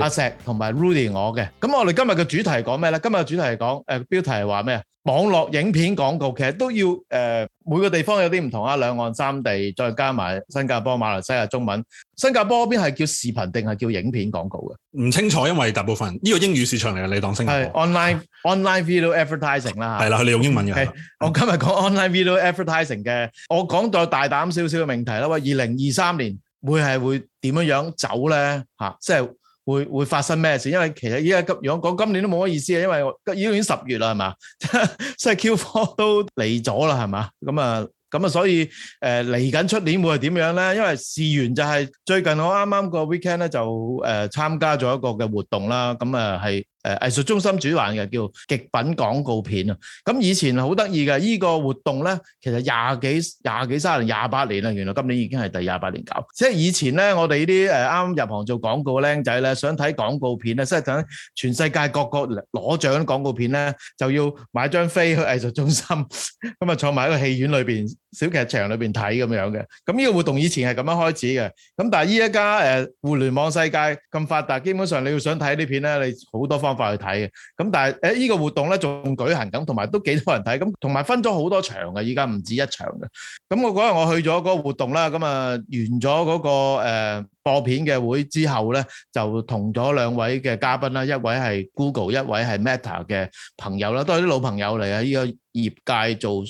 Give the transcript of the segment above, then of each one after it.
阿石同埋 Rudi，我嘅。咁我哋今日嘅主題係講咩咧？今日嘅主題係講誒，標題係話咩啊？網絡影片廣告其實都要誒，每個地方有啲唔同啊，兩岸三地再加埋新加坡、馬來西亞中文。新加坡嗰邊係叫視頻定係叫影片廣告嘅？唔清楚，因為大部分呢個英語市場嚟嘅，你當聲。係 online online video advertising 啦。係啦，你用英文嘅。我今日講 online video advertising 嘅，我講個大膽少少嘅命題啦。喂，二零二三年會係會點樣樣走咧？嚇，即係。會會發生咩事？因為其實依家急用講今年都冇乜意思啊，因為依家已經十月啦，係嘛，即 係 Q4 都嚟咗啦，係嘛，咁啊，咁啊，所以誒嚟緊出年會係點樣咧？因為事緣就係最近我啱啱個 weekend 咧就誒參、呃、加咗一個嘅活動啦，咁啊係。呃誒藝術中心主辦嘅叫極品廣告片啊，咁以前係好得意嘅。依個活動咧，其實廿幾廿幾卅年廿八年啦，原來今年已經係第廿八年搞。即係以前咧，我哋啲誒啱入行做廣告僆仔咧，想睇廣告片咧，即係等全世界各個攞獎廣告片咧，就要買張飛去藝術中心，咁啊坐埋喺個戲院裏邊小劇場裏邊睇咁樣嘅。咁呢個活動以前係咁樣開始嘅。咁但係依一家誒互聯網世界咁發達，基本上你要想睇啲片咧，你好多方，快去睇嘅，咁但係誒呢個活動咧，仲舉行緊，同埋都幾多人睇，咁同埋分咗好多場嘅，依家唔止一場嘅。咁我嗰日我去咗嗰個活動啦，咁啊完咗嗰個誒播片嘅會之後咧，就同咗兩位嘅嘉賓啦，一位係 Google，一位係 Meta 嘅朋友啦，都係啲老朋友嚟啊！呢個業界做誒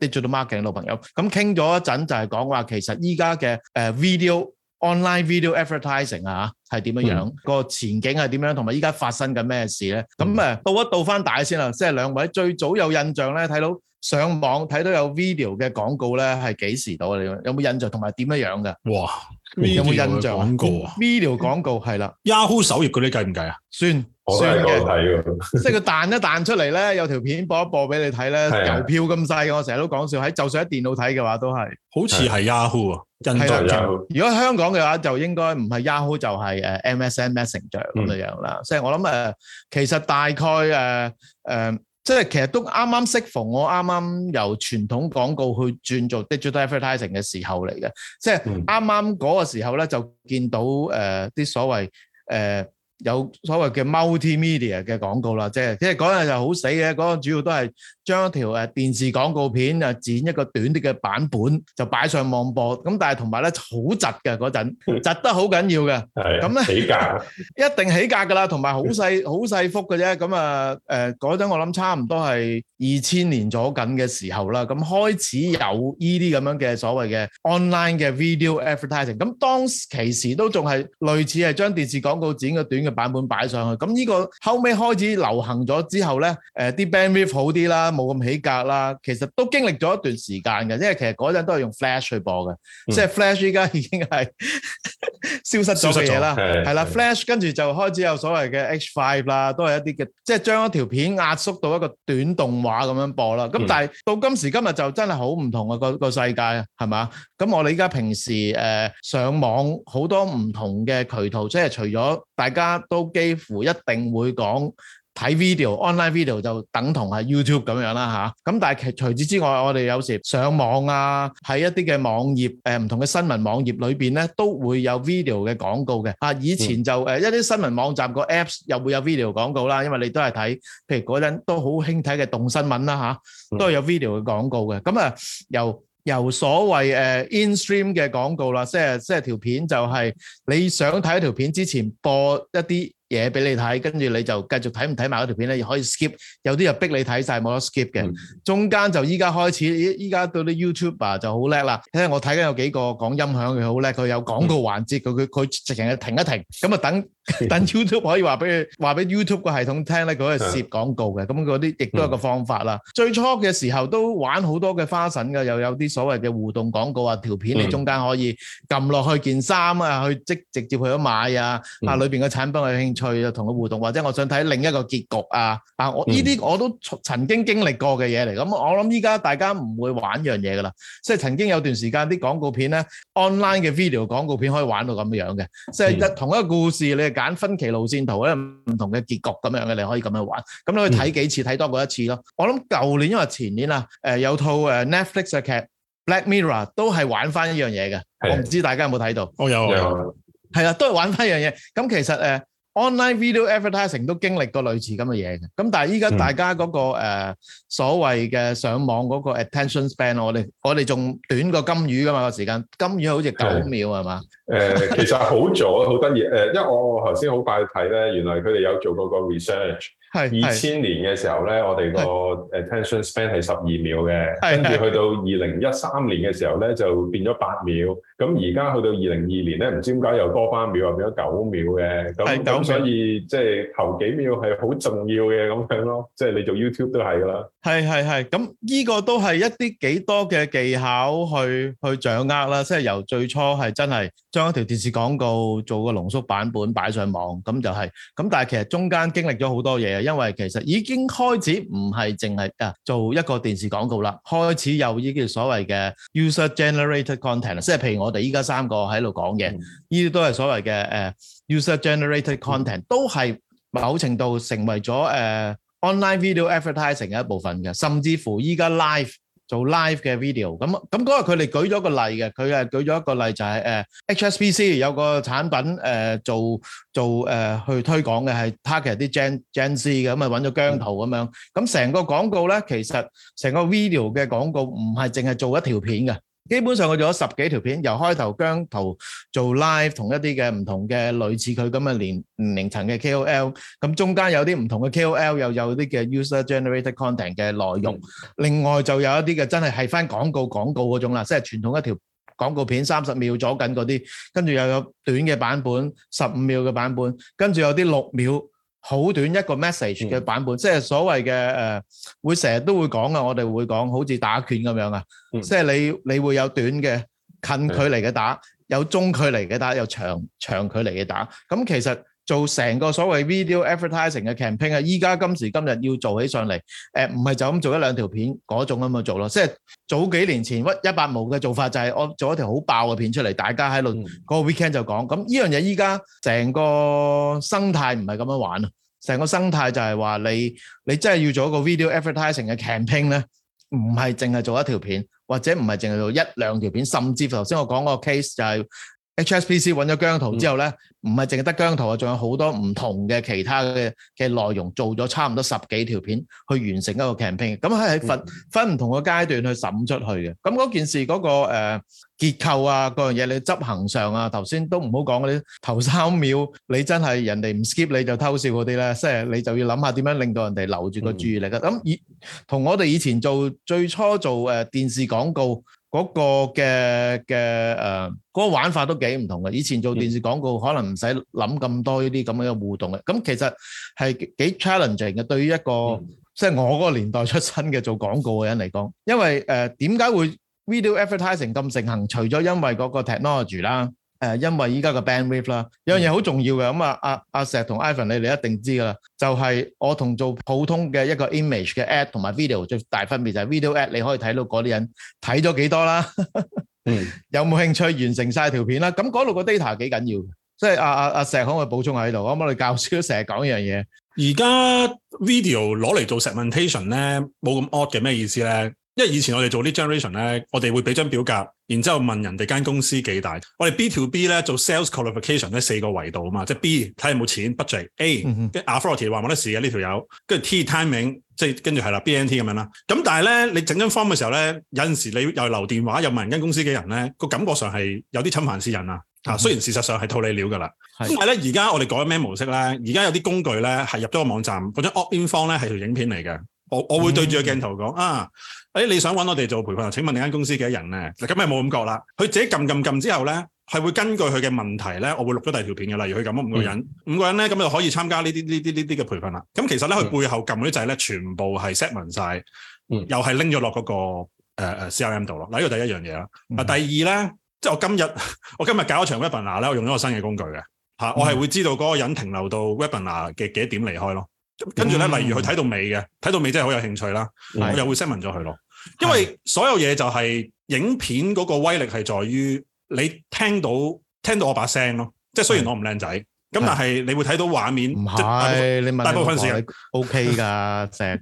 digital marketing 嘅老朋友，咁傾咗一陣就係講話其實依家嘅誒 video。Online video advertising 啊，嚇係點樣樣？個前景係點樣？同埋依家發生緊咩事咧？咁誒，倒一倒返大先啦。即係兩位最早有印象咧，睇到上網睇到有 video 嘅廣告咧，係幾時到啊？你有冇印象？同埋點樣樣嘅？哇！有冇印象？video 廣告，video 廣告係啦。Yahoo 首頁嗰啲計唔計啊？算。算嘅，即係佢彈一彈出嚟咧，有條片播一播俾你睇咧，郵票咁細嘅。我成日都講笑，喺就算喺電腦睇嘅話都係，好似係 Yahoo 啊，增長。如果香港嘅話就應該唔係 Yahoo 就係誒 MSN Messenger 咁嘅樣啦。即係我諗誒，其實大概誒誒，即係其實都啱啱適逢我啱啱由傳統廣告去轉做 digital advertising 嘅時候嚟嘅，即係啱啱嗰個時候咧就見到誒啲所謂誒。有所謂嘅 multimedia 嘅廣告啦，即係即係嗰陣就好死嘅，嗰陣主要都係。將一條誒電視廣告片啊剪一個短啲嘅版本，就擺上網播。咁但係同埋咧好窒嘅嗰陣，窒 得好緊要嘅。係。咁咧，起價一定起價㗎啦，同埋好細好細幅嘅啫。咁啊誒，嗰陣我諗差唔多係二千年左緊嘅時候啦。咁開始有呢啲咁樣嘅所謂嘅 online 嘅 video advertising。咁當時其實都仲係類似係將電視廣告剪個短嘅版本擺上去。咁呢個後尾開始流行咗之後咧，誒啲 bandwidth 好啲啦。冇咁起格啦，其實都經歷咗一段時間嘅，因為其實嗰陣都係用 Flash 去播嘅，即係 Flash 依家已經係消失咗嘅嘢啦，係啦，Flash 跟住就開始有所謂嘅 H5 啦，都係一啲嘅，即係將一條片壓縮到一個短動畫咁樣播啦。咁但係到今時今日就真係好唔同啊，個個世界啊，係嘛？咁我哋依家平時誒上網好多唔同嘅渠道，即係除咗大家都幾乎一定會講。睇 video，online video 就等同係 YouTube 咁樣啦嚇。咁但係除此之外，我哋有時上網啊，喺一啲嘅網頁誒唔同嘅新聞網頁裏邊咧，都會有 video 嘅廣告嘅。嚇，以前就誒一啲新聞網站個 apps 又會有 video 廣告啦，因為你都係睇，譬如嗰陣都好興睇嘅動新聞啦嚇，都係有 video 嘅廣告嘅。咁啊，由由所謂誒 instream 嘅廣告啦，即係即係條片就係你想睇條片之前播一啲。嘢俾你睇，跟住你就繼續睇唔睇埋嗰條片咧？又可以 skip，有啲又逼你睇曬冇得 skip 嘅。中間就依家開始，依依家到啲 YouTube 啊就好叻啦。聽我睇緊有幾個講音響，佢好叻，佢有廣告環節，佢佢佢直情係停一停，咁啊等等 YouTube 可以話俾佢話俾 YouTube 個系統聽咧，佢可以攝廣告嘅。咁嗰啲亦都係一個方法啦。最初嘅時候都玩好多嘅花臣嘅，又有啲所謂嘅互動廣告啊，條片你中間可以撳落去件衫啊，去即直接去咗買啊，啊裏邊嘅產品去興。趣就同佢互動，或者我想睇另一個結局啊！啊，我依啲我都曾經經歷過嘅嘢嚟，咁我諗依家大家唔會玩呢樣嘢噶啦。即係曾經有段時間啲廣告片咧，online 嘅 video 廣告片可以玩到咁樣嘅，即係同一個故事你係揀分歧路線圖咧，唔同嘅結局咁樣嘅，你可以咁樣玩。咁你可以睇幾次，睇多過一次咯。我諗舊年因為前年啊，誒有套誒 Netflix 嘅劇《Black Mirror》都係玩翻一樣嘢嘅，我唔知大家有冇睇到。我有，係啦，都係玩翻一樣嘢。咁其實誒。Online video advertising 都經歷過類似咁嘅嘢嘅，咁但係依家大家嗰、嗰個、嗯呃、所謂嘅上網嗰個 attention span，我哋我哋仲短過金魚㗎嘛個時間，金魚好似九秒係嘛？嗯誒， 其實好早，好得意。誒，因為我我頭先好快睇咧，原來佢哋有做過個 research，係二千年嘅時候咧，是我哋個 attention span 係十二秒嘅，跟住是去到二零一三年嘅時候咧，就變咗八秒。咁而家去到二零二年咧，唔知點解又多翻秒，又變咗九秒嘅。係咁，是所以即係秒、就是、頭幾秒係好重要嘅咁樣咯。即、就、係、是、你做 YouTube 都係噶啦。係係係。咁呢個都係一啲幾多嘅技巧去去掌握啦。即係由最初係真係。將一條電視廣告做個濃縮版本擺上網，咁就係。咁但係其實中間經歷咗好多嘢，因為其實已經開始，唔係淨係做一個電視廣告啦，開始有呢啲所謂的 User Generated Content，即係譬如我地依家三個喺度講嘢，呢啲都係所謂的 User Generated Content，都係某程度成為咗 Online Video Advertising 的一部分,甚至乎依家 live, 做 live 嘅 video 咁咁嗰日佢哋舉咗個例嘅，佢誒舉咗一個例,一個例就係、是、誒、uh, HSBC 有個產品誒、uh, 做做誒、uh, 去推廣嘅係 target 啲 Gen, Gen Z 嘅，咁啊揾咗姜濤咁樣，咁成個廣告咧其實成個 video 嘅廣告唔係淨係做一條片嘅。基本上佢做咗十幾條片，由開頭姜濤做 live 同一啲嘅唔同嘅類似佢咁嘅年年齡層嘅 KOL，咁中間有啲唔同嘅 KOL 又有啲嘅 user generated content 嘅內容，嗯、另外就有一啲嘅真係係翻廣告廣告嗰種啦，即係傳統一條廣告片三十秒左右嗰啲，跟住又有短嘅版本十五秒嘅版本，跟住有啲六秒，好短一個 message 嘅版本，嗯、即係所謂嘅誒，會成日都會講嘅。我哋會講好似打拳咁樣啊，嗯、即係你你會有短嘅近距離嘅打，嗯、有中距離嘅打，有長長距離嘅打。咁其實，做成個所謂 video advertising 嘅 campaign 啊！依家今時今日要做起上嚟，誒唔係就咁做一兩條片嗰種咁去做咯。即係早幾年前屈一百毛嘅做法就係我做一條好爆嘅片出嚟，大家喺度個 weekend 就講。咁呢樣嘢依家成個生態唔係咁樣玩啊！成個生態就係話你你真係要做一個 video advertising 嘅 campaign 咧，唔係淨係做一條片，或者唔係淨係做一兩條片，甚至乎頭先我講嗰個 case 就係。HSPC 揾咗姜濤之後咧，唔係淨係得姜濤啊，仲有好多唔同嘅其他嘅嘅內容，做咗差唔多十幾條片，去完成一個 campaign。咁係分分唔同嘅階段去審出去嘅。咁嗰、嗯、件事嗰、嗰個誒、呃、結構啊，嗰樣嘢你執行上啊，頭先都唔好講嗰啲頭三秒，你真係人哋唔 skip 你就偷笑嗰啲咧，即係你就要諗下點樣令到人哋留住個注意力啊。咁、嗯、以同我哋以前做最初做誒、呃、電視廣告。嗰個嘅嘅誒，嗰個玩法都幾唔同嘅。以前做電視廣告，可能唔使諗咁多呢啲咁樣嘅互動嘅。咁其實係幾 challenging 嘅，對於一個即係我嗰個年代出身嘅做廣告嘅人嚟講。因為誒點解會 video advertising 咁盛行？除咗因為嗰個 technology 啦。誒，因為依家個 bandwidth 啦，有樣嘢好重要嘅，咁啊，阿阿石同 Ivan，你你一定知噶啦，就係我同做普通嘅一個 image 嘅 ad 同埋 video 最大分別就係 video ad 你可以睇到嗰啲人睇咗幾多啦，嗯，有冇興趣完成晒條片啦？咁嗰度個 data 幾緊要，即係阿阿阿石可唔可以補充喺度？啱啱我哋教書成日講呢樣嘢，而家 video 攞嚟做 segmentation 咧，冇咁 odd 嘅咩意思咧？因為以前我哋做 generation 呢 generation 咧，我哋會俾張表格，然之後問人哋間公司幾大。我哋 B to B 咧做 sales qualification 咧四個維度啊嘛，即係 B 睇有冇錢 budget，A 跟 authority 話冇得事嘅呢條友，跟住 T timing 即係跟住係啦 B N T 咁樣啦。咁但係咧你整張 form 嘅時候咧，有陣時你又留電話又問人間公司嘅人咧，個感覺上係有啲侵犯私隱啊。啊、嗯哼，雖然事實上係套你料噶啦。嗯、哼但係咧而家我哋改咗咩模式咧？而家有啲工具咧係入咗個網站，嗰張 opt in form 咧係條影片嚟嘅。我我會對住個鏡頭講，嗯、啊，誒你想揾我哋做培訓啊？請問你間公司幾多人咧？咁咪冇咁覺啦。佢自己撳撳撳之後咧，係會根據佢嘅問題咧，我會錄咗第二條片嘅。例如佢咗五個人，嗯、五個人咧，咁就可以參加呢啲呢啲呢啲嘅培訓啦。咁其實咧佢背後撳嗰啲掣咧，全部係 set 文曬，嗯、又係拎咗落嗰個誒 CRM 度咯。嗱，呢個第一樣嘢啦。嗯、第二咧，即係我今日我今日搞咗場 Webinar 咧，啊，我用咗我新嘅工具嘅嚇，我係會知道嗰個人停留到 Webinar 嘅幾點離開咯。嗯、跟住咧，例如佢睇到尾嘅，睇到尾真係好有興趣啦，是我又會 send 咗佢咯。因為所有嘢就係、是、影片嗰個威力係在於你聽到聽到我把聲咯，即係雖然我唔靚仔，咁是但係你會睇到畫面。唔係是，即大部分時間 OK 噶，即係，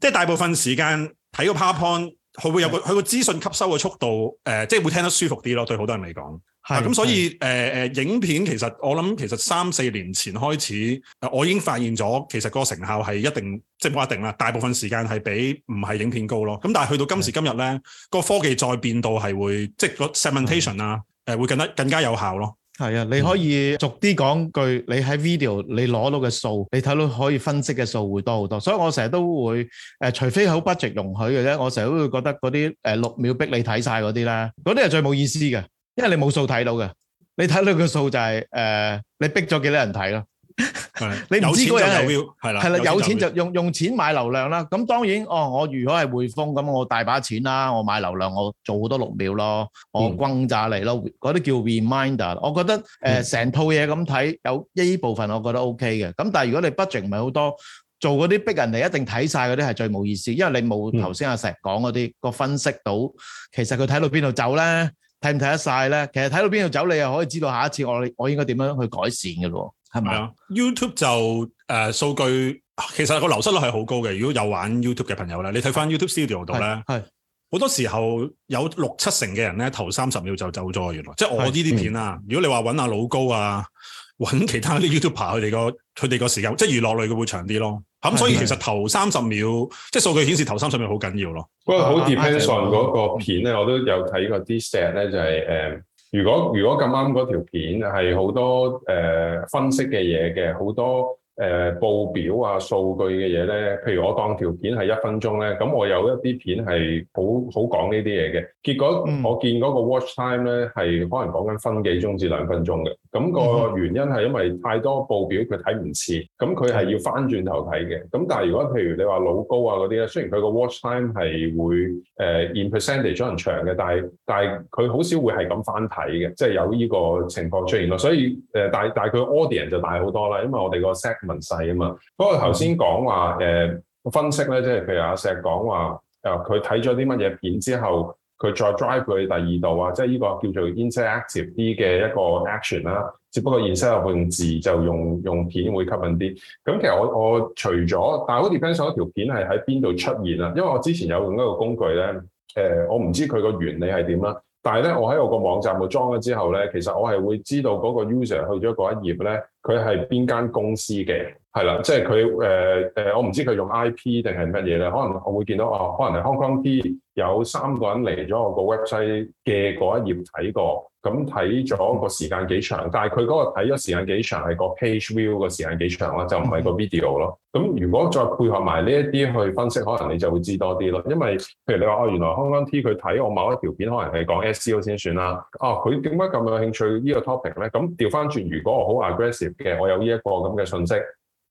即係大部分時間睇個 PowerPoint。佢會有個佢個資訊吸收嘅速度，誒、呃，即係會聽得舒服啲咯，對好多人嚟講。係咁是的、啊，所以誒誒、呃、影片其實我諗其實三四年前開始、呃，我已經發現咗，其實個成效係一定，即係冇一定啦。大部分時間係比唔係影片高咯。咁但係去到今時今日咧，個是的 科技再變到係會，即係個 segmentation 啊，誒是的、呃，會更加更加有效咯。係啊，你可以逐啲講句，你喺 video 你攞到嘅數，你睇到可以分析嘅數會多好多。所以我成日都會誒、呃，除非好 budget 容許嘅啫，我成日都會覺得嗰啲誒六秒逼你睇晒嗰啲啦，嗰啲係最冇意思嘅，因為你冇數睇到嘅，你睇到嘅數就係、是、誒、呃，你逼咗幾多人睇咯？係你唔知嗰個人係係啦，有錢就用用錢買流量啦。咁當然，哦，我如果係匯豐咁，我大把錢啦，我買流量，我做好多六秒咯，我轟炸你咯，嗰啲叫 reminder。我覺得誒，成套嘢咁睇，有一呢部分我覺得 OK 嘅。咁但係如果你 budget 唔係好多，做嗰啲逼人哋一定睇晒嗰啲係最冇意思，因為你冇頭先阿石講嗰啲個分析到，其實佢睇到邊度走咧，睇唔睇得晒咧？其實睇到邊度走，你又可以知道下一次我我應該點樣去改善嘅咯。係咪啊？YouTube 就誒數、呃、據，其實個流失率係好高嘅。如果有玩 YouTube 嘅朋友咧，你睇翻 YouTube Studio 度咧，係好多時候有六七成嘅人咧，頭三十秒就走咗。原來是是即係我呢啲片啊，嗯、如果你話搵阿老高啊，搵其他啲 YouTuber 佢哋個佢哋個時間，即係娛樂類嘅會長啲咯。咁所以其實頭三十秒，是是即係數據顯示頭三十秒好緊要咯。不過好 depend on 嗰、啊、個片咧，嗯、我都有睇過啲石咧，就係、是、誒。Um, 如果如果咁啱嗰條片係好多誒、呃、分析嘅嘢嘅，好多誒、呃、報表啊數據嘅嘢咧，譬如我當條片係一分鐘咧，咁我有一啲片係好好講呢啲嘢嘅，結果我見嗰個 watch time 咧係可能講緊分幾鐘至兩分鐘嘅。咁個原因係因為太多報表佢睇唔似，咁佢係要翻轉頭睇嘅。咁但係如果譬如你話老高啊嗰啲咧，雖然佢個 watch time 係會誒 in percentage 長嘅，但係但係佢好少會係咁翻睇嘅，即係有呢個情況出現咯。所以誒，但係但係佢 audience 就大好多啦，因為我哋個 segment 細啊嘛。不過頭先講話誒分析咧，即係譬如阿石講話誒，佢睇咗啲乜嘢片之後。佢再 drive 佢去第二度啊，即係呢個叫做 interactive 啲嘅一個 action 啦。只不過 instead of 用字就用用片會吸引啲。咁其實我我除咗，但係好 depends，嗰條片係喺邊度出現啊？因為我之前有用一個工具咧，誒、呃，我唔知佢個原理係點啦。但係咧，我喺我個網站度裝咗之後咧，其實我係會知道嗰個 user 去咗嗰一頁咧，佢係邊間公司嘅。係啦，即係佢誒誒，我唔知佢用 IP 定係乜嘢咧。可能我會見到哦、啊，可能係 Hong Kong T 有三個人嚟咗我個 website 嘅嗰一頁睇過，咁睇咗個時間幾長。但係佢嗰個睇咗時間幾長係個 page view 個時間幾長咯，就唔係個 video 咯。咁 如果再配合埋呢一啲去分析，可能你就會知多啲咯。因為譬如你話哦、啊，原來 Hong Kong T 佢睇我某一條片，可能係講 SEO 先算啦。哦、啊，佢點解咁有興趣、這個、呢個 topic 咧？咁調翻轉，如果我好 aggressive 嘅，我有呢、這、一個咁嘅信息。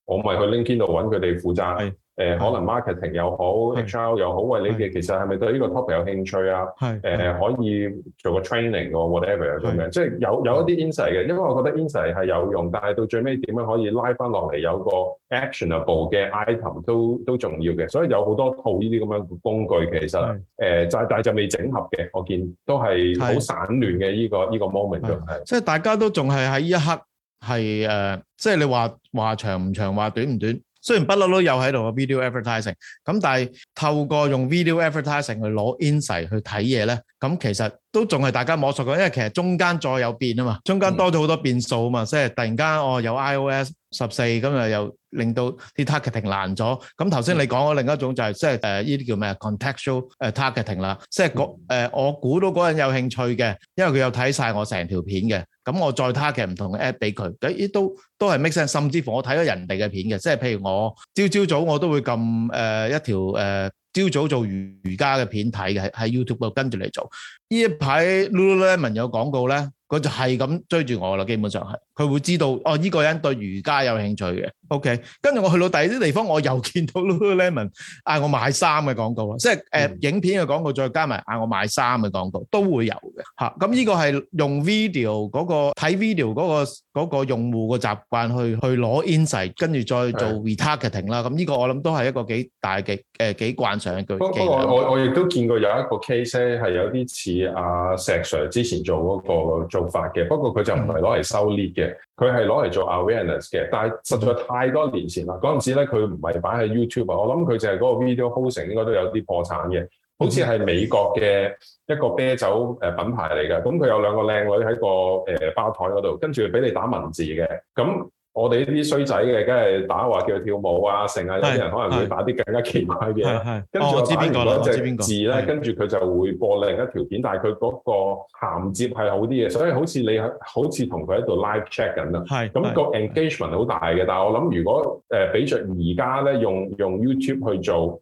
我咪去 LinkedIn 度揾佢哋負責，誒可能 marketing 又好，HR 又好，喂，你哋其實係咪對呢個 topic 有興趣啊？係誒可以做個 training 喎，whatever 咁樣，即係有有一啲 insight 嘅，因為我覺得 insight 係有用，但係到最尾點樣可以拉翻落嚟有個 actionable 嘅 item 都都重要嘅，所以有好多套呢啲咁樣嘅工具其實誒，但係就未整合嘅，我見都係好散亂嘅呢個呢個 moment 係，即係大家都仲係喺一刻。係誒、呃，即係你話話長唔長，話短唔短。雖然不嬲都有喺度嘅 video advertising，咁但係透過用 video advertising 去攞 insight 去睇嘢咧，咁其實都仲係大家摸索嘅，因為其實中間再有變啊嘛，中間多咗好多變數啊嘛，嗯、即係突然間哦有 iOS 十四，咁啊又。令到啲 targeting 爛咗。咁頭先你講咗另一種就係即係誒依啲叫咩 contextual 誒 targeting 啦，即係個誒我估到嗰人有興趣嘅，因為佢有睇晒我成條片嘅。咁我再 target 唔同嘅 app 俾佢，咁亦都都係 make sense。甚至乎我睇咗人哋嘅片嘅，即係譬如我朝朝早我都會撳誒一條誒朝早做瑜伽嘅片睇嘅，喺 YouTube 度跟住嚟做。依一排 Lululemon 有廣告咧，佢就係咁追住我啦，基本上係佢會知道哦依個人對瑜伽有興趣嘅。OK。跟住我去到第二啲地方，我又見到 Lululemon 嗌、啊、我買衫嘅廣告啦，即係誒、啊嗯、影片嘅廣告，再加埋嗌、啊、我買衫嘅廣告都會有嘅嚇。咁、啊、呢、這個係用 video 嗰、那個睇 video 嗰、那個那個用戶嘅習慣去去攞 insight，跟住再做 retargeting 啦。咁呢、啊這個我諗都係一個幾大嘅誒幾慣常嘅句，不過我我亦都見過有一個 case 咧，係有啲似阿石 Sir 之前做嗰個做法嘅，嗯、不過佢就唔係攞嚟收 lead 嘅，佢係攞嚟做 awareness 嘅。但係實在太多。嗯多年前啦，嗰陣時咧佢唔係擺喺 YouTube 啊，我諗佢就係嗰個 video hosting 應該都有啲破產嘅，好似係美國嘅一個啤酒誒品牌嚟嘅，咁佢有兩個靚女喺個誒吧台嗰度，跟住俾你打文字嘅，咁。我哋呢啲衰仔嘅，梗係打話叫佢跳舞啊，成日有啲人可能會打啲更加奇怪嘅，跟住打完嗰隻字咧，跟住佢就，就會播另一條片，但係佢嗰個銜接係好啲嘅，所以好似你好似同佢喺度 live check 緊啦，咁個 engagement 好大嘅。但係我諗如果誒、呃、比著而家咧用用 YouTube 去做。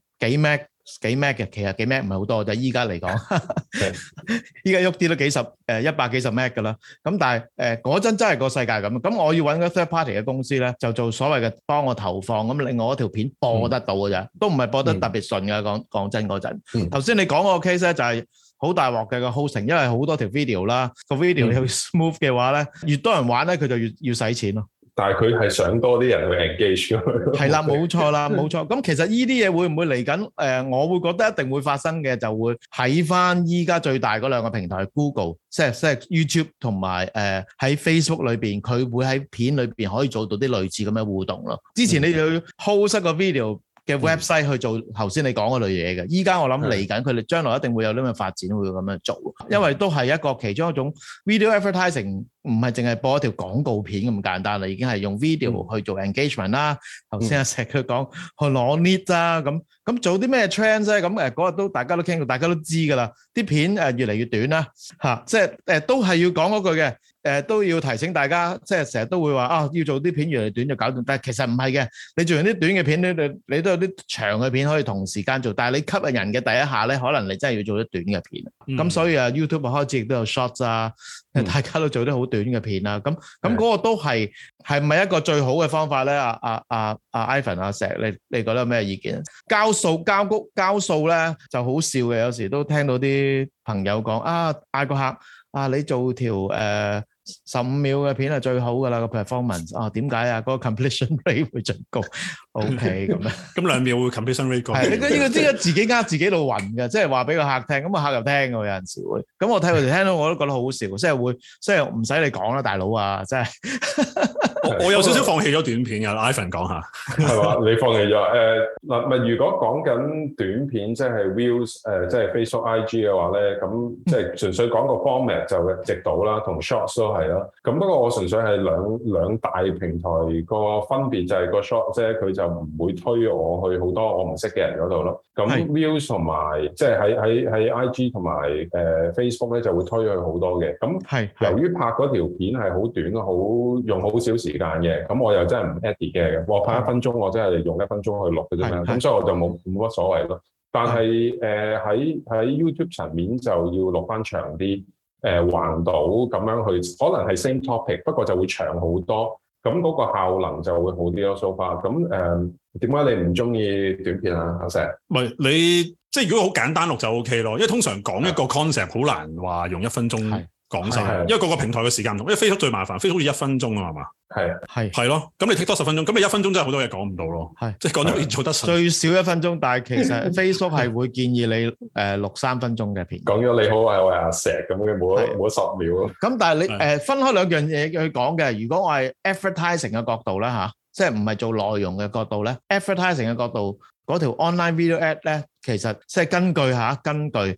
幾 Mac 幾 Mac 嘅，其實幾 Mac 唔係好多，就係依家嚟講，依家喐啲都幾十誒一百幾十 Mac 㗎啦。咁但係誒嗰陣真係個世界咁，咁我要揾個 third party 嘅公司咧，就做所謂嘅幫我投放，咁令我一條片播得到㗎咋，都唔係播得特別順㗎。講講真嗰陣，頭先你講嗰個 case 咧，就係好大鑊嘅個 hosting，因為好多條 video 啦，個 video 你要 smooth 嘅話咧，越多人玩咧，佢就越要使錢咯。但係佢係想多啲人去 engage 咯的，係啦，冇錯啦，冇 錯。咁其實呢啲嘢會唔會嚟緊？誒、呃，我會覺得一定會發生嘅，就會喺翻依家最大嗰兩個平台 Google、即係、即係 YouTube 同埋誒喺 Facebook 裏邊，佢、呃、會喺片裏邊可以做到啲類似咁嘅互動咯。之前你要 host 個 video 嘅 website 去做頭先你講嗰類嘢嘅，依家我諗嚟緊佢哋將來一定會有呢個發展，會咁樣做，因為都係一個其中一種 video advertising。唔係淨係播一條廣告片咁簡單啦，已經係用 video 去做 engagement 啦。頭先阿石佢講 long lead 啊，咁咁做啲咩 trend 咧？咁誒嗰日都大家都傾到，大家都知噶啦。啲片誒越嚟越短啦，吓即係誒都係要講嗰句嘅，誒都要提醒大家，即係成日都會話啊，要做啲片越嚟越短就搞掂。但係其實唔係嘅，你做完啲短嘅片，你你你都有啲長嘅片可以同時間做。但係你吸引人嘅第一下咧，可能你真係要做啲短嘅片。咁所以啊，YouTube 開始亦都有 short 啊。嗯、大家都做啲好短嘅片啦，咁咁嗰個都係係咪一個最好嘅方法咧？阿、啊、阿阿、啊、阿、啊、Ivan 阿、啊、石，你你覺得有咩意見啊？交數交谷交數咧就好笑嘅，有時都聽到啲朋友講啊嗌個客啊，你做條誒十五秒嘅片係最好㗎啦，個 performance 啊點解啊嗰個 completion rate 會最高？ O K，咁咧，咁兩邊我會 comparison 呢個真係自己呃自己度暈嘅，即係話俾個客，客聽，咁啊客又聽嘅，有陣時會，咁我睇佢哋聽到我都覺得好笑，即係會，即係唔使你講啦，大佬啊，即係， 我有少少放棄咗短片嘅 Ivan 講下，係嘛，你放棄咗，誒、呃，嗱，咪如果講緊短片，即係 Views，誒，即係 Facebook I G 嘅話咧，咁即係純粹講個 format 就直導啦，同 short 都係啦，咁不過我純粹係兩兩大平台分別個分別就係個 short 啫，佢就唔會推我去好多我唔識嘅人嗰度咯。咁 views 同埋即、就、係、是、喺喺喺 IG 同埋誒 Facebook 咧就會推去好多嘅。咁由於拍嗰條片係好短，好用好少時間嘅，咁我又真係唔 edit 嘅。我拍一分鐘，我真係用一分鐘去錄嘅啫。咁所以我就冇冇乜所謂咯。但係誒喺喺是、呃、YouTube 層面就要錄翻長啲誒、呃、橫到咁樣去，可能係 same topic，不過就會長好多。咁嗰個效能就會好啲咯，so far。咁、呃、誒，點解你唔中意短片啊，阿石？唔係你，即係如果好簡單錄就 OK 咯，因為通常講一個 concept 好難話用一分鐘。講晒，因為個個平台嘅時間唔同，因為 Facebook 最麻煩，Facebook 好似一分鐘啊嘛，係係係咯，咁你 tick 多十分鐘，咁你一分鐘真係好多嘢講唔到咯，係即係講咗你做得最少一分鐘，但係其實 Facebook 係會建議你誒六三分鐘嘅片，講咗你好我係阿石咁嘅，冇冇十秒咯。咁但係你誒分開兩樣嘢去講嘅，如果我係 advertising 嘅角度咧吓，即係唔係做內容嘅角度咧，advertising 嘅角度嗰條 online video ad 咧，其實即係根據吓，根據。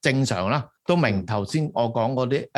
正常啦，都明頭先、嗯、我講嗰啲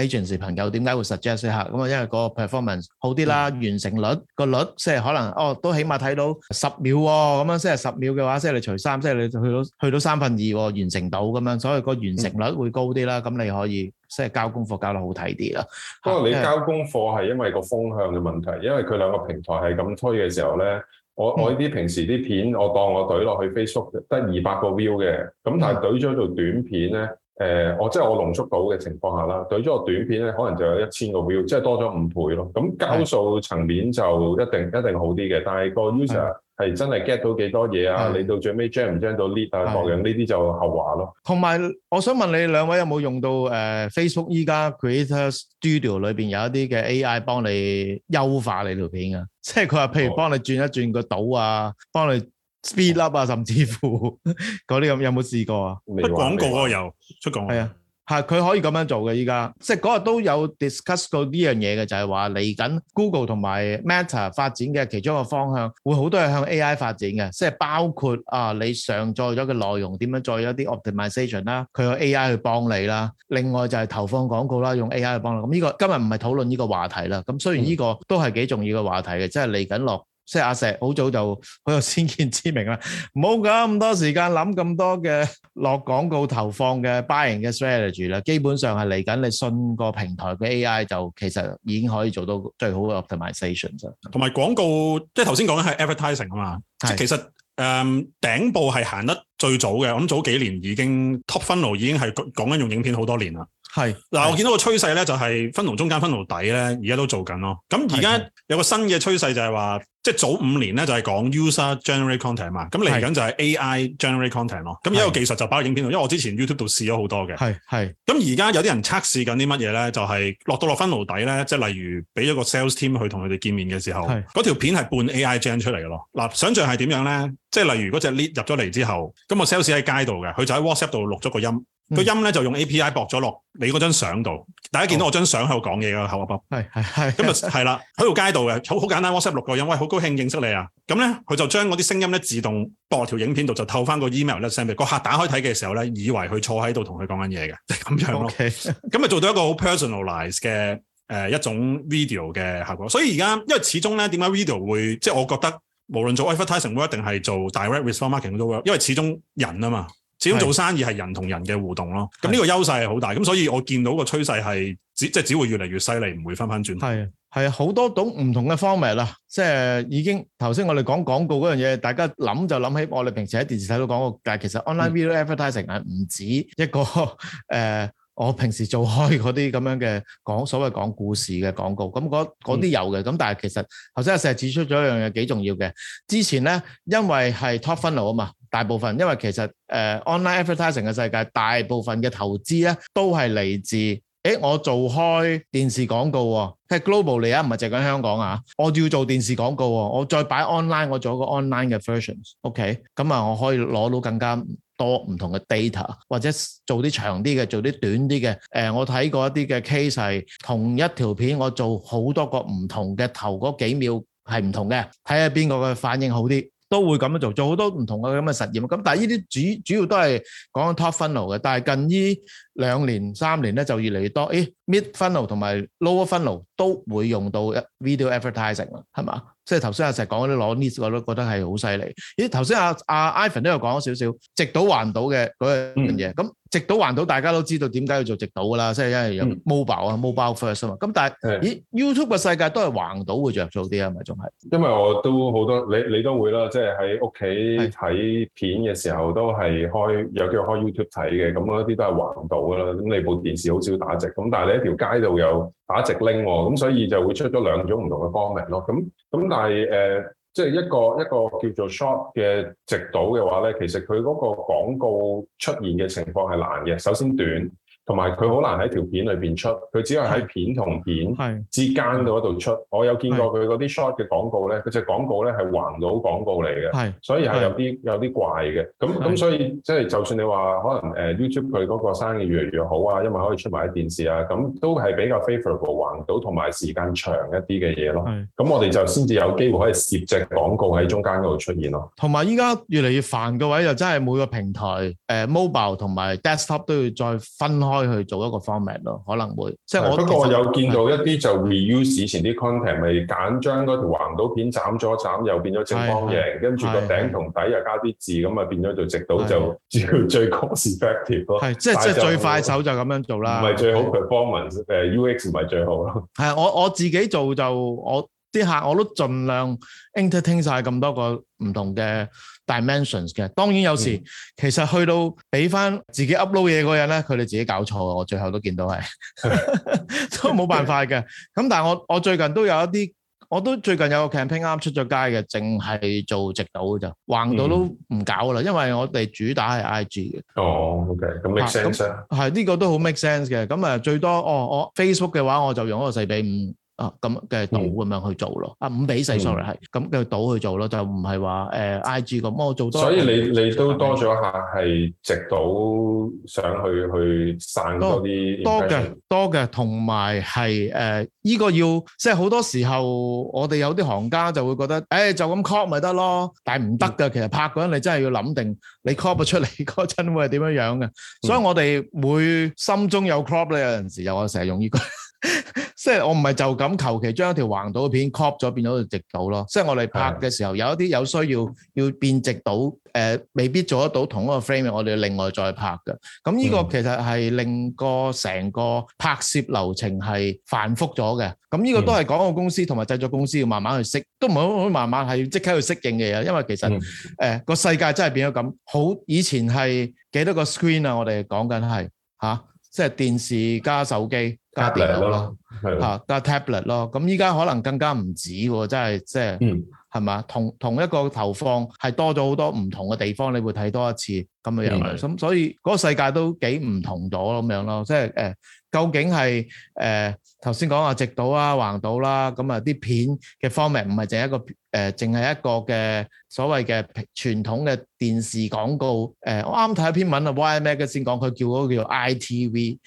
誒 agency 朋友點解會 suggest 呢下咁啊？因為個 performance 好啲啦，嗯、完成率、個率，即係可能哦，都起碼睇到十秒喎、喔，咁樣即係十秒嘅話，即、就、係、是、你除三，即係你去到去到三分二、喔、完成到咁樣，所以個完成率會高啲啦。咁、嗯、你可以即係、就是、交功課交得好睇啲啦。不過你交功課係因為個風向嘅問題，因為佢兩個平台係咁吹嘅時候咧。嗯、我我呢啲平時啲片，我當我懟落去 Facebook 得二百個 view 嘅，咁但係懟咗條短片咧，誒、嗯呃，我即係我濃縮到嘅情況下啦，懟咗個短片咧，可能就有一千個 view，即係多咗五倍咯。咁交數層面就一定、嗯、一定好啲嘅，但係個 user、嗯。係真係 get 到幾多嘢啊？的你到最尾 jam 唔 jam 到 lead 啊，各樣呢啲就後話咯。同埋，我想問你兩位有冇用到誒、uh, Facebook 依家 Creator Studio 裏邊有一啲嘅 AI 幫你優化你條片啊？即係佢話譬如幫你轉一轉個倒啊，幫、哦、你 speed up 啊，甚至乎嗰啲 有有冇試過啊？出廣、啊、告啊又出廣告係啊。係佢可以咁樣做嘅，依家即係嗰日都有 discuss 到呢樣嘢嘅，就係話嚟緊 Google 同埋 Meta 發展嘅其中一個方向，會好多係向 AI 發展嘅，即係包括啊你上載咗嘅內容點樣做一啲 optimization 啦，佢有 AI 去幫你啦，另外就係投放廣告啦，用 AI 去幫你。咁呢個今日唔係討論呢個話題啦，咁雖然呢個都係幾重要嘅話題嘅，嗯、即係嚟緊落。即係阿石好早就好有先見之明啦，冇咁多時間諗咁多嘅落廣告投放嘅 buying 嘅 strategy 啦，基本上係嚟緊你信個平台嘅 AI 就其實已經可以做到最好嘅 optimisation。同埋廣告即係頭先講緊係 advertising 啊嘛，即係其實誒頂部係行得最早嘅，我諗早幾年已經 top funnel 已經係講緊用影片好多年啦。係嗱，我見到個趨勢咧，就係分爐中間，分爐底咧，而家都做緊咯。咁而家有個新嘅趨勢就係話，即係早五年咧就係講 user generate content 嘛，咁嚟緊就係 AI generate content 咯是。咁有個技術就擺喺影片度，因為我之前 YouTube 度試咗好多嘅。係係。咁而家有啲人測試緊啲乜嘢咧？就係、是、落到落分爐底咧，即係例如俾咗個 sales team 去同佢哋見面嘅時候，嗰是條片係半 AI gen 出嚟嘅咯。嗱，想像係點樣咧？即係例如嗰隻 lead 入咗嚟之後，咁、那個 sales 喺街度嘅，佢就喺 WhatsApp 度錄咗個音。個音咧就用 API 駁咗落你嗰張相度，大家見到我張相喺度講嘢嘅口噏噏，係係係咁啊，係啦，喺度街度嘅，好好簡單 WhatsApp 六個音，喂，好高興認識你啊！咁咧佢就將嗰啲聲音咧自動駁條影片度，就透翻個 email 咧 send 俾個客，打開睇嘅時候咧，以為佢坐喺度同佢講緊嘢嘅，就係、是、咁樣咯。咁咪 Okay. 做到一個好 personalized 嘅誒一種 video 嘅效果。所以而家因為始終咧點解 video 會即係我覺得無論做 advertisement 都一定係做 direct response marketing 都 work 因為始終人啊嘛。始終做生意係人同人嘅互動咯，咁呢的個優勢係好大，咁的所以我見到個趨勢係只即係只會越嚟越犀利，唔會翻翻轉頭。係係好多種唔同嘅 format 啦，即係已經頭先我哋講廣告嗰樣嘢，大家諗就諗起我哋平時喺電視睇到廣告，但係其實 online video advertising 係唔止一個誒、嗯呃，我平時做開嗰啲咁樣嘅講所謂講故事嘅廣告，咁嗰啲有嘅，咁、嗯、但係其實頭先阿石指出咗一樣嘢幾重要嘅，之前咧因為係 top funnel 啊嘛。大部分，因為其實誒、uh,，online advertising 嘅世界，大部分嘅投資咧，都係嚟自誒，我做開電視廣告、哦，係 global 嚟啊，唔係淨係香港啊。我要做電視廣告、哦，我再擺 online，我做一個 online 嘅 version，ok，、okay? 咁啊，我可以攞到更加多唔同嘅 data，或者做啲長啲嘅，做啲短啲嘅。誒、呃，我睇過一啲嘅 case 係同一條片，我做好多個唔同嘅頭嗰幾秒係唔同嘅，睇下邊個嘅反應好啲。都會咁樣做，做好多唔同嘅咁嘅實驗啊。咁但係呢啲主主要都係講緊 top funnel 嘅，但係近呢兩年三年咧就越嚟越多。咦、哎、，mid funnel 同埋 lower funnel 都會用到 video advertising 啊，係嘛？即係頭先阿成講嗰啲攞呢我都覺得係好犀利。咦，頭先阿阿 Ivan 都有講咗少少，直到橫到嘅嗰樣嘢咁。嗯直到橫到，大家都知道點解要做直到㗎喇，即係因為有 mobile 啊、嗯、，mobile first 啊嘛。咁但係以 YouTube 嘅世界都係橫到會着數啲啊，咪仲係？因為我都好多你你都會啦，即係喺屋企睇片嘅時候都係開有叫開 YouTube 睇嘅，咁嗰啲都係橫到㗎喇。咁你部電視好少打直，咁但係你喺條街度又打直拎喎，咁所以就會出咗兩種唔同嘅 format 咯。咁咁但係誒。呃即係一個一個叫做 short 嘅直度嘅話咧，其實佢嗰個廣告出現嘅情況係難嘅。首先短。同埋佢好難喺條片裏邊出，佢只係喺片同片之間嗰度出。我有見過佢嗰啲 short 嘅廣告咧，佢隻廣告咧係橫到廣告嚟嘅。是所以係有啲是有啲怪嘅。咁咁是所以即係、就是、就算你話可能誒 YouTube 佢嗰個生意越嚟越好啊，因為可以出埋啲電視啊，咁都係比較 favorable 橫到同埋時間長一啲嘅嘢咯。咁是我哋就先至有機會可以攝隻廣告喺中間嗰度出現咯。同埋依家越嚟越煩嘅位就真係每個平台誒、呃、mobile 同埋 desktop 都要再分開。開去做一個 format 咯，可能會即係我。不過有見到一啲就 reuse 以前啲 content，咪簡將嗰條橫刀片斬左斬又變咗正方形，跟住個頂同底又加啲字，咁啊變咗就直刀是是就叫最 cost effective 咯。係即係即係最快手就咁樣做啦。唔係最好 performance 誒是 UX 唔係最好咯。係啊，我我自己做就我。啲客我都盡量 entertain 曬咁多個唔同嘅 dimensions 嘅。當然有時其實去到俾翻自己 upload 嘢嗰陣咧，佢哋自己搞錯，我最後都見到係都冇辦法嘅。咁但係我我最近都有一啲，我都最近有個 campaign 啱出咗街嘅，淨係做直到嘅啫，橫到都唔搞啦，因為我哋主打係 IG 嘅。哦，OK，咁 make sense 啊？係呢個都好 make sense 嘅。咁誒最多哦，我 Facebook 嘅話我就用嗰個四比五。啊，咁嘅賭咁樣去做咯，啊五比四 sorry 係，咁嘅賭去做咯，就唔係話誒 I G 咁，我做多，所以你你都多咗一下係直到想去去散多啲多嘅多嘅，同埋係誒呢個要，即係好多時候我哋有啲行家就會覺得，誒、欸、就咁 crop 咪得咯，但係唔得噶，嗯、其實拍嗰陣你真係要諗定你 crop 出嚟嗰陣會係點樣樣嘅，所以我哋會心中有 crop 咧，嗯、有陣時又我成日用呢句。即係 我唔係就咁求其將一條橫導片 cop 咗變咗條直導咯。即係我哋拍嘅時候，的有一啲有需要要變直導，誒、呃，未必做得到同一個 frame。我哋要另外再拍嘅。咁呢個其實係令個成個拍攝流程係繁複咗嘅。咁呢個都係廣告公司同埋製作公司要慢慢去識，都唔係好慢慢係即刻去適應嘅嘢。因為其實誒個、呃、世界真係變咗咁。好，以前係幾多個 screen 啊？我哋講緊係吓。即係電視加手機加電腦咯，嚇、啊、係加 tablet 咯，咁依家可能更加唔止喎，真係即係。嗯。係嘛？同同一個投放係多咗好多唔同嘅地方，你會睇多一次咁嘅樣。咁所以嗰個世界都幾唔同咗咁樣咯。即係誒，究竟係誒頭先講話直島啊、橫島啦，咁啊啲片嘅 format 唔係淨係一個誒，淨係一個嘅所謂嘅傳統嘅電視廣告誒。我啱睇一篇文啊，Y-Mac 先講佢叫嗰個叫 ITV、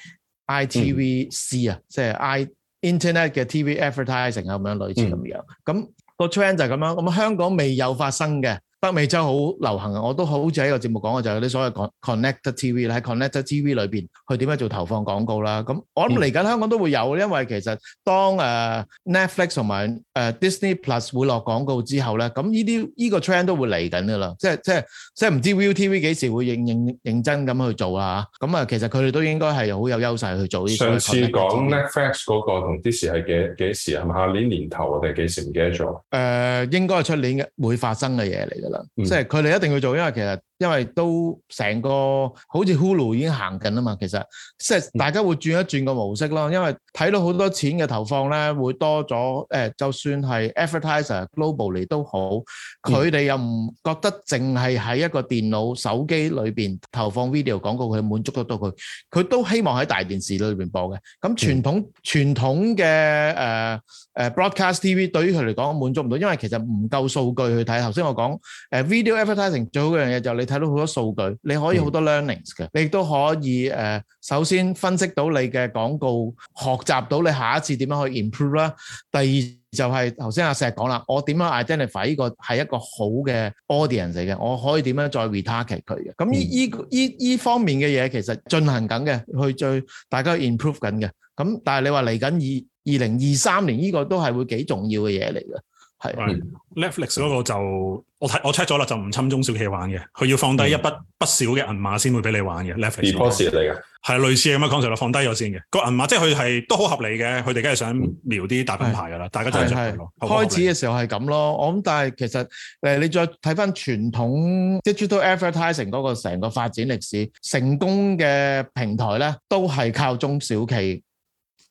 ITVC 啊，即係 I Internet 嘅 TV Advertising 啊，咁樣類似咁樣。咁個 trend 就係咁樣，咁香港未有發生嘅。北美洲好流行啊，我都好似喺個節目講過就係、是、啲所謂 Connect TV 咧，喺 Connect TV 裏邊去點樣做投放廣告啦。咁我諗嚟緊香港都會有，嗯、因為其實當誒 Netflix 同埋誒 Disney Plus 會落廣告之後咧，咁呢啲呢個 trend 都會嚟緊噶啦。即係即係即係唔知 Viu TV 幾時會認認認真咁去做啦咁啊，其實佢哋都應該係好有優勢去做呢。上次講 Netflix 嗰個同 Disney 係幾幾時啊？係咪下年年頭我哋幾時唔記得咗？誒、呃，應該係出年嘅會發生嘅嘢嚟㗎啦。嗯、即係佢哋一定要做，因為其實。因為都成個好似 Hulu 已經行緊啊嘛，其實即係大家會轉一轉個模式咯。因為睇到好多錢嘅投放咧，會多咗誒，就算係 Advertiser global 嚟都好，佢哋又唔覺得淨係喺一個電腦、手機裏邊投放 video 廣告，佢滿足得到佢。佢都希望喺大電視裏邊播嘅。咁傳統傳統嘅誒誒 broadcast TV 對於佢嚟講滿足唔到，因為其實唔夠數據去睇。頭先我講誒 video advertising 最好嘅樣嘢就係你。睇到好多數據，你可以好多 learnings 嘅，你亦都可以誒，首先分析到你嘅廣告，學習到你下一次點樣去 improve 啦。第二就係頭先阿石講啦，我點樣 identify 呢個係一個好嘅 audience 嚟嘅，我可以點樣再 retarget 佢嘅。咁呢呢呢呢方面嘅嘢其實進行緊嘅，去最大家去 improve 緊嘅。咁但係你話嚟緊二二零二三年呢個都係會幾重要嘅嘢嚟嘅。係是、嗯、，Netflix 嗰個就、嗯、我睇我 check 咗啦，就唔侵中小企玩嘅，佢要放低一筆不少嘅銀碼先會俾你玩嘅。Netflix deposit 嚟嘅，係以類似咁樣嘛。講實話，放低咗先嘅個銀碼，即係佢係都好合理嘅。佢哋梗係想瞄啲大品牌噶啦，是大家爭住去開始嘅時候係咁咯，我諗但係其實誒、呃、你再睇翻傳統 digital advertising 嗰個成個發展歷史，成功嘅平台咧都係靠中小企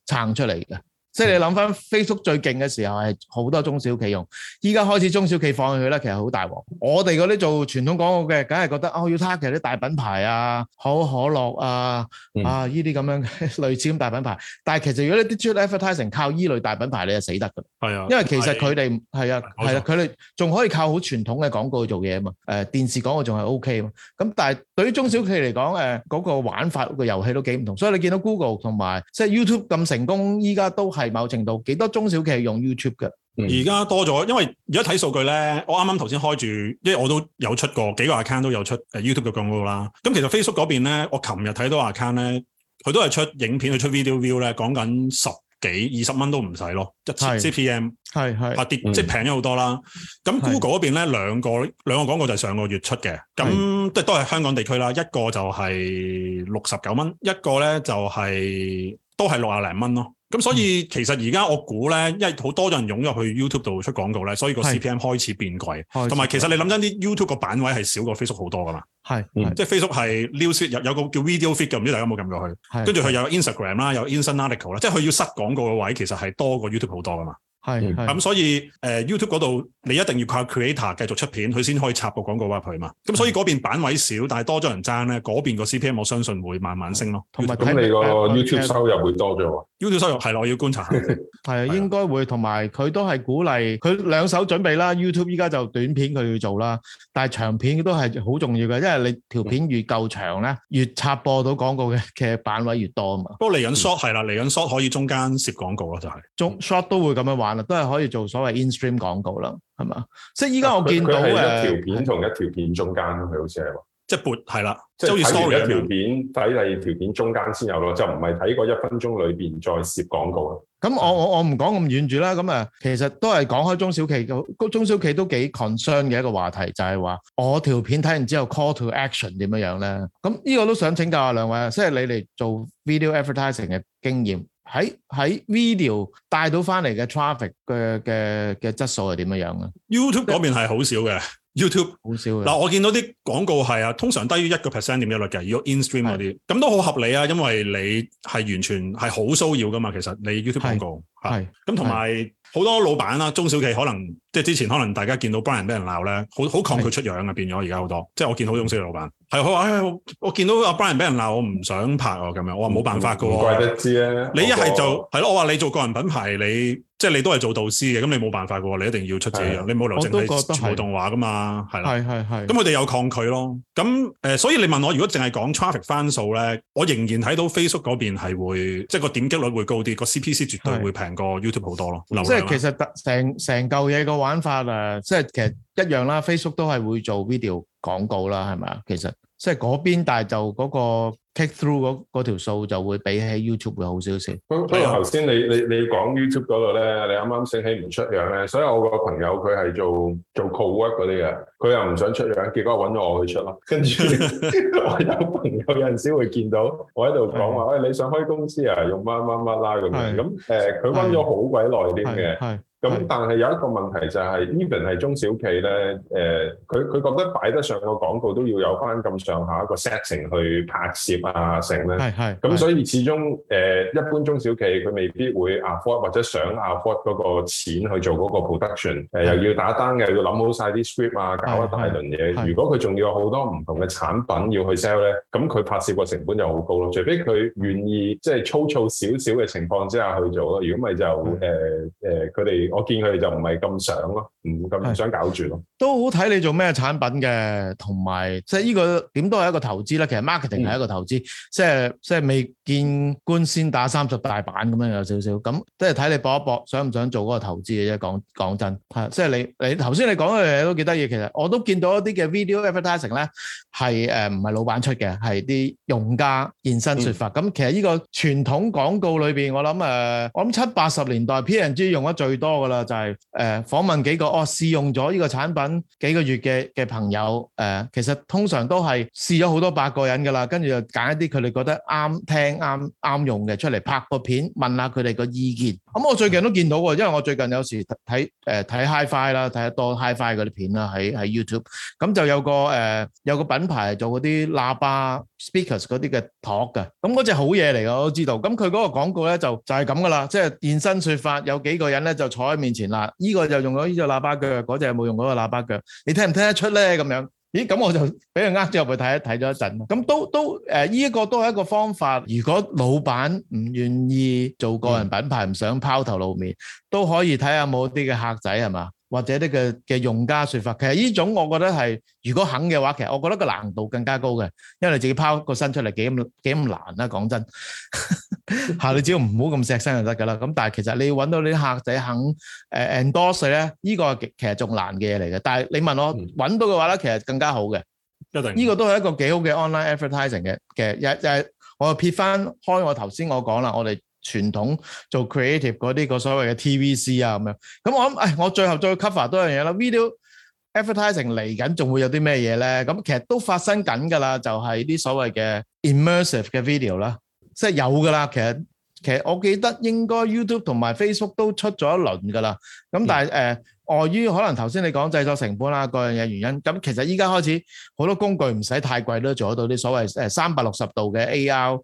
撐出嚟嘅。即係、嗯、你諗翻，Facebook 最勁嘅時候係好多中小企用，依家開始中小企放佢咧，其實好大鑊。我哋嗰啲做傳統廣告嘅，梗係覺得哦 YouTube 其啲大品牌啊，好可樂啊，嗯、啊呢啲咁樣類似咁大品牌，但係其實如果你啲 traditional advertising 靠依類大品牌，你就死得㗎。係啊，因為其實佢哋係啊係啊，佢哋仲可以靠好傳統嘅廣告去做嘢啊嘛。誒、呃、電視廣告仲係 OK 啊，咁但係對於中小企嚟講，誒、呃、嗰、那個玩法、那個遊戲都幾唔同。所以你見到 Google 同埋即、就、係、是、YouTube 咁成功，依家都係。某程度幾多中小企用 YouTube 嘅？而家、嗯、多咗，因為而家睇數據咧，我啱啱頭先開住，因為我有都有出過幾個 account 都有出 YouTube 嘅廣告啦。咁其實 Facebook 嗰邊咧，我琴日睇到 account 咧，佢都係出影片去出 video view 咧，講緊十幾二十蚊都唔使咯，一千 CPM，係係下跌、嗯、即係平咗好多啦。咁 Google 嗰邊咧是兩個兩個廣告就係上個月出嘅，咁都都係香港地區啦。一個就係六十九蚊，一個咧就係。都係六廿零蚊咯，咁所以其實而家我估咧，因為好多人湧入去 YouTube 度出廣告咧，所以個 CPM 開始變貴。同埋其實你諗真啲 YouTube 個版位係少過 Facebook 好多噶嘛，係，嗯、即係 Facebook 係 news feed，有有個叫 video feed 嘅，唔知大家有冇撳過去，跟住佢有 Instagram 啦，有 Instant Article 啦，即係佢要塞廣告嘅位其實係多過 YouTube 好多噶嘛。係，咁、嗯嗯、所以誒、呃、YouTube 嗰度，你一定要靠 creator 繼續出片，佢先可以插個廣告入去嘛。咁、嗯嗯、所以嗰邊版位少，但係多咗人爭咧，嗰邊個 CPM 我相信會慢慢升咯。同埋、嗯，咁 YouTube, 你個 YouTube 收入會多咗喎。YouTube 收入係咯，我要觀察。係 應該會，同埋佢都係鼓勵佢兩手準備啦。YouTube 依家就短片佢要做啦，但係長片都係好重要嘅，因為你條片越夠長咧，嗯、越插播到廣告嘅，其實版位越多啊嘛。嗯、不過嚟緊 short 係啦，嚟緊 short 可以中間攝廣告咯，就係、是、中、嗯、short 都會咁樣玩。都係可以做所謂 in-stream 廣告啦，係嘛？即係依家我見到嘅條片同一條片中間，佢的好似係話，即係播係啦，即係睇一條片睇第二條片中間先有咯，就唔係睇過一分鐘裏邊再攝廣告咯。咁我的我我唔講咁遠住啦。咁誒，其實都係講開中小企嘅，中小企都幾 concern 嘅一個話題，就係、是、話我條片睇完之後 call to action 點樣樣咧。咁呢個都想請教下兩位，即、就、係、是、你哋做 video advertising 嘅經,經驗。喺喺 video 帶到翻嚟嘅 traffic 嘅嘅嘅質素係點樣樣咧？YouTube 嗰邊係好少嘅，YouTube 好少嘅。嗱，我見到啲廣告係啊，通常低於一個 percent 點擊率嘅，如果 instream 嗰啲，咁的都好合理啊。因為你係完全係好騷擾噶嘛，其實你 YouTube 廣告係，咁同埋。好多老闆啦，中小企可能即係之前可能大家見到 Brian 俾人鬧咧，好好抗拒出樣嘅，是變咗而家好多。即係我見到好中小企老闆係佢話：，誒、哎，我見到阿 Brian 俾人鬧，我唔想拍喎。咁樣我話冇辦法嘅喎。唔怪得之咧。你一係就係咯說，我話你做個人品牌你。即係你都係做導師嘅，咁你冇辦法嘅喎，你一定要出咁樣，的你冇留靜係全部動畫噶嘛，係啦的。係係係。咁佢哋有抗拒咯。咁誒、呃，所以你問我，如果淨係講 traffic 翻數咧，我仍然睇到 Facebook 嗰邊係會，即係個點擊率會高啲，個的 CPC 絕對會平過 YouTube 好多咯。的即係其實成成嚿嘢個玩法誒，即係其實一樣啦。Mm hmm. Facebook 都係會做 video 廣告啦，係咪啊？其實即係嗰邊，但係就嗰、嗰個。take through，嗰嗰條數就會比起 YouTube 會好少少。不如頭先你你你講 YouTube 嗰度咧，你啱啱醒起唔出樣咧，所以我個朋友佢係做做 co-work 嗰啲嘅，佢又唔想出樣，結果揾咗我去出咯。跟住我有朋友有陣時會見到我喺度講話，喂，你想開公司啊，用乜乜乜啦咁樣。咁誒佢揾咗好鬼耐啲嘅。咁但係有一個問題就係 even 係中小企咧，誒佢佢覺得擺得上個廣告都要有翻咁上下一個 setting 去拍攝。啊成咧，係係，咁所以始終誒是、呃、一般中小企佢未必會 afford 或者想 afford 嗰個錢去做嗰個 production，誒、呃、是又要打單嘅，又要諗好晒啲 script 啊，搞一大輪嘢。如果佢仲要有好多唔同嘅產品要去 sell 咧，咁、嗯、佢拍攝個成本就好高咯。除非佢願意即係、就是、粗糙少少嘅情況之下去做咯，如果咪就誒誒，佢哋是、呃呃呃、我見佢哋就唔係咁想咯。唔咁、嗯、想搞住咯，都好睇你做咩產品嘅，同埋即係呢個點都係一個投資啦。其實 marketing 係一個投資，嗯，即係即係未見官先打三十大板咁樣有少少，咁即係睇你搏一搏，想唔想做嗰個投資嘅啫。講講真，係即係你你頭先你講嘅嘢，都幾得意。其實我都見到一啲嘅 video advertising 咧，係誒、唔係老闆出嘅，係啲用家現身說法。咁、嗯、其實呢個傳統廣告裏邊，我諗誒、呃、我諗七八十年代 P&G 用得最多噶啦，就係誒訪問幾個。我試、哦、用咗呢個產品幾個月嘅嘅朋友，誒、呃、其實通常都係試咗好多百個人㗎啦，跟住就揀一啲佢哋覺得啱聽、啱啱用嘅出嚟拍個片，問下佢哋個意見。咁、嗯嗯、我最近都見到喎，因為我最近有時睇誒睇、呃、HiFi 啦，睇多 HiFi 嗰啲片啦，喺喺 YouTube。咁 you、嗯、就有個誒、呃、有個品牌做嗰啲喇叭 speakers 嗰啲嘅託㗎，咁嗰隻好嘢嚟㗎，我都知道。咁佢嗰個廣告咧就就係咁㗎啦，即係現身說法，有幾個人咧就坐喺面前嗱，依、這個就用咗依隻喇叭。喇叭嗰隻冇用嗰個喇叭腳？你聽唔聽得出咧？咁樣，咦？咁我就俾佢呃咗入去睇睇咗一陣。咁都都誒，呢一個都係一個方法。如果老闆唔願意做個人品牌，唔想拋頭露面，都可以睇下冇啲嘅客仔係嘛？或者呢個嘅用家說法，其實呢種我覺得係，如果肯嘅話，其實我覺得個難度更加高嘅，因為你自己拋個身出嚟幾咁幾咁難啦，啊。講真，嚇 你只要唔好咁錫身就得㗎啦。咁但係其實你要揾到你啲客仔肯誒 endorse 咧，依、這個其實仲難嘅嘢嚟嘅。但係你問我揾、嗯、到嘅話咧，其實更加好嘅，一定。依個都係一個幾好嘅 online advertising 嘅嘅，又又、就係、我撇翻開我頭先我講啦，我哋。傳統做 creative 嗰啲個所謂嘅 TVC 啊咁樣，咁我諗，誒我最後再 cover 多樣嘢啦。Video advertising 嚟緊仲會有啲咩嘢咧？咁其實都發生緊㗎啦，就係啲所謂嘅 immersive 嘅 video 啦，即係有㗎啦。其實其實我記得應該 YouTube 同埋 Facebook 都出咗一輪㗎啦。咁但係誒，礙於可能頭先你講製作成本啦各樣嘢原因，咁其實依家開始好多工具唔使太貴都做得到啲所謂誒三百六十度嘅 AR。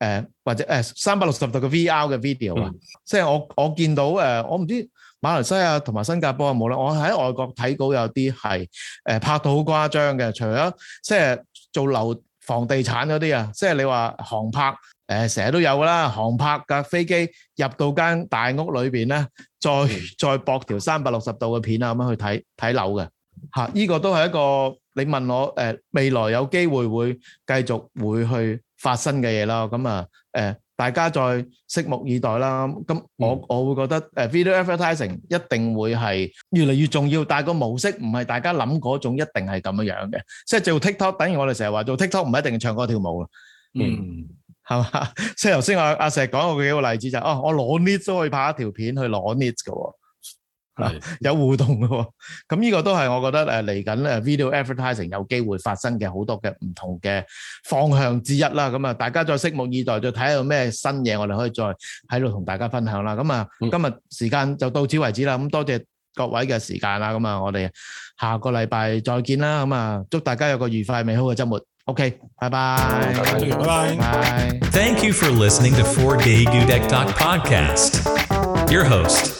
誒，或者誒，三百六十度嘅 VR 嘅 video 啊，即係我我見到誒，我唔知馬來西亞同埋新加坡有冇啦，我喺外國睇到有啲係誒拍到好誇張嘅，除咗即係做樓房地產嗰啲啊，即係你話航拍誒，成日、呃、都有噶啦，航拍架飛機入到間大屋裏邊咧，再再駁條三百六十度嘅片啊，咁樣去睇睇樓嘅，吓，呢個都係一個你問我誒、呃，未來有機會會繼續會去。發生嘅嘢咯，咁啊誒，大家再拭目以待啦。咁、嗯、我我會覺得誒 video advertising 一定會係越嚟越重要，但係個模式唔係大家諗嗰種一定係咁樣樣嘅。即係做 TikTok，等於我哋成日話做 TikTok 唔一定唱歌跳舞啊。嗯，係嘛？即係頭先阿阿石講過幾個例子就係、是、哦、啊，我攞 needs 都可以拍一條片去攞 needs 嘅喎、哦。有互動嘅喎，咁呢個都係我覺得誒嚟緊咧 video advertising 有機會發生嘅好多嘅唔同嘅方向之一啦。咁啊，大家再拭目以待，再睇下有咩新嘢我哋可以再喺度同大家分享啦。咁啊，今日時間就到此為止啦。咁多謝各位嘅時間啦。咁啊，我哋下個禮拜再見啦。咁啊，祝大家有個愉快美好嘅週末。OK，拜拜，拜拜，拜拜。Thank you for listening to Four Day Good Talk podcast. Your host.